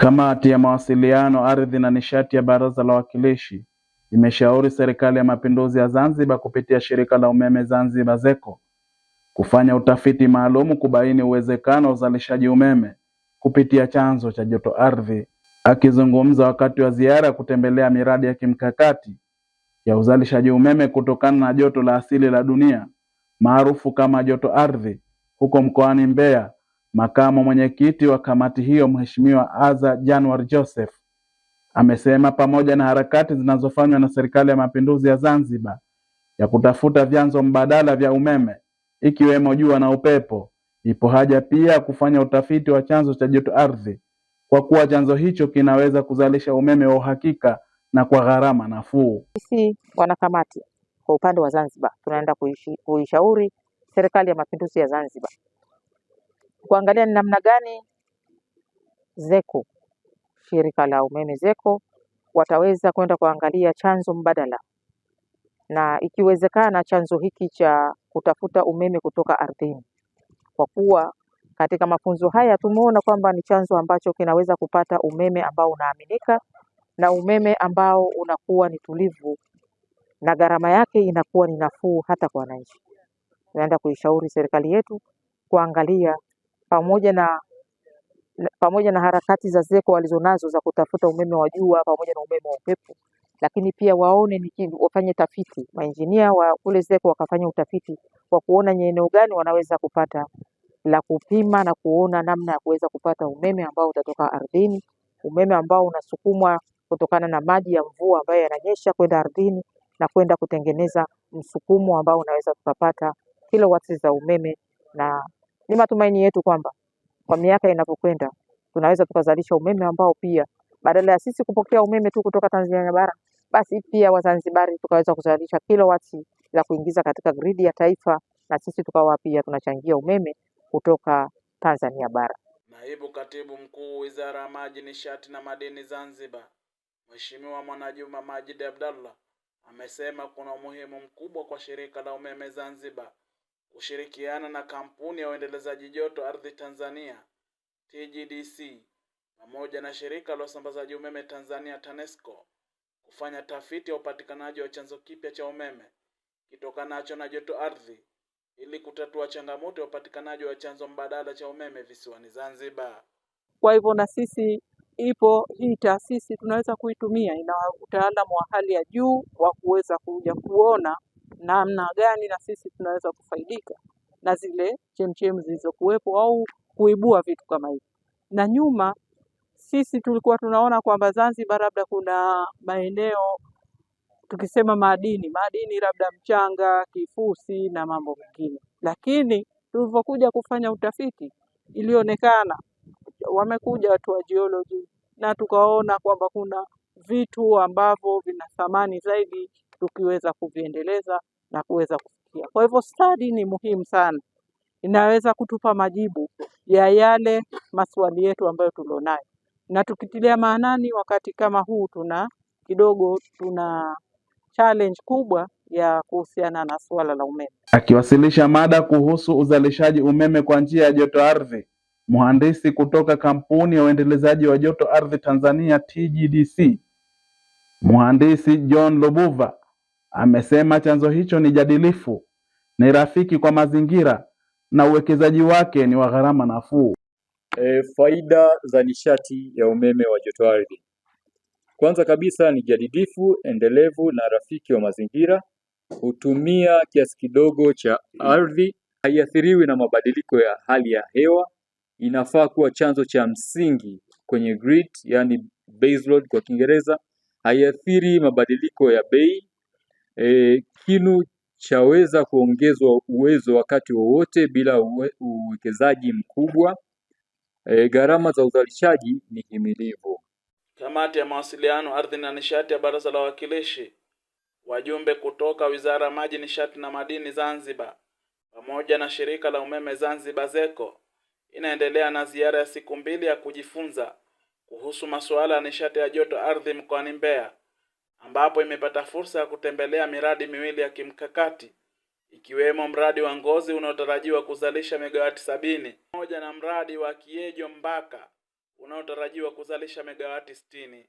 Kamati ya Mawasiliano, Ardhi na Nishati ya Baraza la Wawakilishi imeshauri Serikali ya Mapinduzi ya Zanzibar kupitia Shirika la Umeme Zanzibar ZECO kufanya utafiti maalumu kubaini uwezekano wa uzalishaji umeme kupitia chanzo cha joto ardhi. Akizungumza wakati wa ziara ya kutembelea miradi ya kimkakati ya uzalishaji umeme kutokana na joto la asili la dunia maarufu kama joto ardhi huko mkoani Mbeya, Makamu mwenyekiti wa kamati hiyo Mheshimiwa Aza Januar Joseph amesema pamoja na harakati zinazofanywa na Serikali ya Mapinduzi ya Zanzibar ya kutafuta vyanzo mbadala vya umeme ikiwemo jua na upepo, ipo haja pia kufanya utafiti wa chanzo cha joto ardhi kwa kuwa chanzo hicho kinaweza kuzalisha umeme wa uhakika na kwa gharama nafuu. Sisi wanakamati kwa upande wa Zanzibar tunaenda kuishauri Serikali ya Mapinduzi ya Zanzibar kuangalia ni namna gani ZECO shirika la umeme ZECO wataweza kwenda kuangalia chanzo mbadala, na ikiwezekana chanzo hiki cha kutafuta umeme kutoka ardhini, kwa kuwa katika mafunzo haya tumeona kwamba ni chanzo ambacho kinaweza kupata umeme ambao unaaminika na umeme ambao unakuwa ni tulivu na gharama yake inakuwa ni nafuu hata kwa wananchi. Tunaenda kuishauri serikali yetu kuangalia pamoja na pamoja na harakati za ZECO walizonazo za kutafuta umeme wa jua pamoja na umeme wa upepo, lakini pia waone ni wafanye tafiti, maenjinia wa kule ZECO wakafanya utafiti wa kuona ni eneo gani wanaweza kupata la kupima na kuona namna ya kuweza kupata umeme ambao utatoka ardhini, umeme ambao unasukumwa kutokana na maji ya mvua ambayo yananyesha kwenda ardhini na kwenda kutengeneza msukumo ambao unaweza tukapata kilowati za umeme na ni matumaini yetu kwamba kwa miaka inapokwenda tunaweza tukazalisha umeme ambao pia badala ya sisi kupokea umeme tu kutoka Tanzania bara, basi pia Wazanzibari tukaweza kuzalisha kilowati za kuingiza katika gridi ya taifa, na sisi tukawa pia tunachangia umeme kutoka Tanzania bara. Naibu Katibu Mkuu Wizara ya Maji, Nishati na Madini Zanzibar, Mheshimiwa Mwanajuma Majid Abdallah amesema kuna umuhimu mkubwa kwa shirika la umeme Zanzibar kushirikiana na kampuni ya uendelezaji joto ardhi Tanzania TGDC pamoja na shirika la usambazaji umeme Tanzania TANESCO kufanya tafiti ya upatikanaji wa chanzo kipya cha umeme kitokanacho na joto ardhi ili kutatua changamoto ya upatikanaji wa chanzo mbadala cha umeme visiwani Zanzibar. Kwa hivyo na sisi ipo hii taasisi tunaweza kuitumia, ina utaalamu wa hali ya juu wa kuweza kuja kuona namna gani na sisi tunaweza kufaidika na zile chemchem zilizokuwepo au kuibua vitu kama hivi. Na nyuma sisi tulikuwa tunaona kwamba Zanzibar labda kuna maeneo tukisema madini madini, labda mchanga, kifusi na mambo mengine, lakini tulivyokuja kufanya utafiti ilionekana wamekuja watu wa jioloji na tukaona kwamba kuna vitu ambavyo vina thamani zaidi tukiweza kuviendeleza na kuweza kufikia. Kwa hivyo stadi ni muhimu sana, inaweza kutupa majibu ya yale maswali yetu ambayo tulionayo, na tukitilia maanani wakati kama huu tuna kidogo tuna challenge kubwa ya kuhusiana na suala la umeme. Akiwasilisha mada kuhusu uzalishaji umeme kwa njia ya joto ardhi, mhandisi kutoka kampuni ya uendelezaji wa joto ardhi Tanzania TGDC, mhandisi John Lubuva Amesema chanzo hicho ni jadilifu ni rafiki kwa mazingira na uwekezaji wake ni wa gharama nafuu. E, faida za nishati ya umeme wa joto ardhi Kwanza kabisa ni jadidifu, endelevu na rafiki wa mazingira. Hutumia kiasi kidogo cha ardhi, haiathiriwi na mabadiliko ya hali ya hewa. Inafaa kuwa chanzo cha msingi kwenye grid, yani baseload kwa Kiingereza. Haiathiri mabadiliko ya bei E, kinu chaweza kuongezwa uwezo wakati wowote bila uwekezaji mkubwa. E, gharama za uzalishaji ni himilivu. Kamati ya mawasiliano, ardhi na nishati ya Baraza la Wawakilishi, wajumbe kutoka Wizara ya Maji, Nishati na Madini Zanzibar pamoja na Shirika la Umeme Zanzibar ZECO inaendelea na ziara ya siku mbili ya kujifunza kuhusu masuala ya nishati ya joto ardhi mkoani Mbeya ambapo imepata fursa ya kutembelea miradi miwili ya kimkakati ikiwemo mradi wa Ngozi unaotarajiwa kuzalisha megawati sabini pamoja na mradi wa Kiejo Mbaka unaotarajiwa kuzalisha megawati sitini.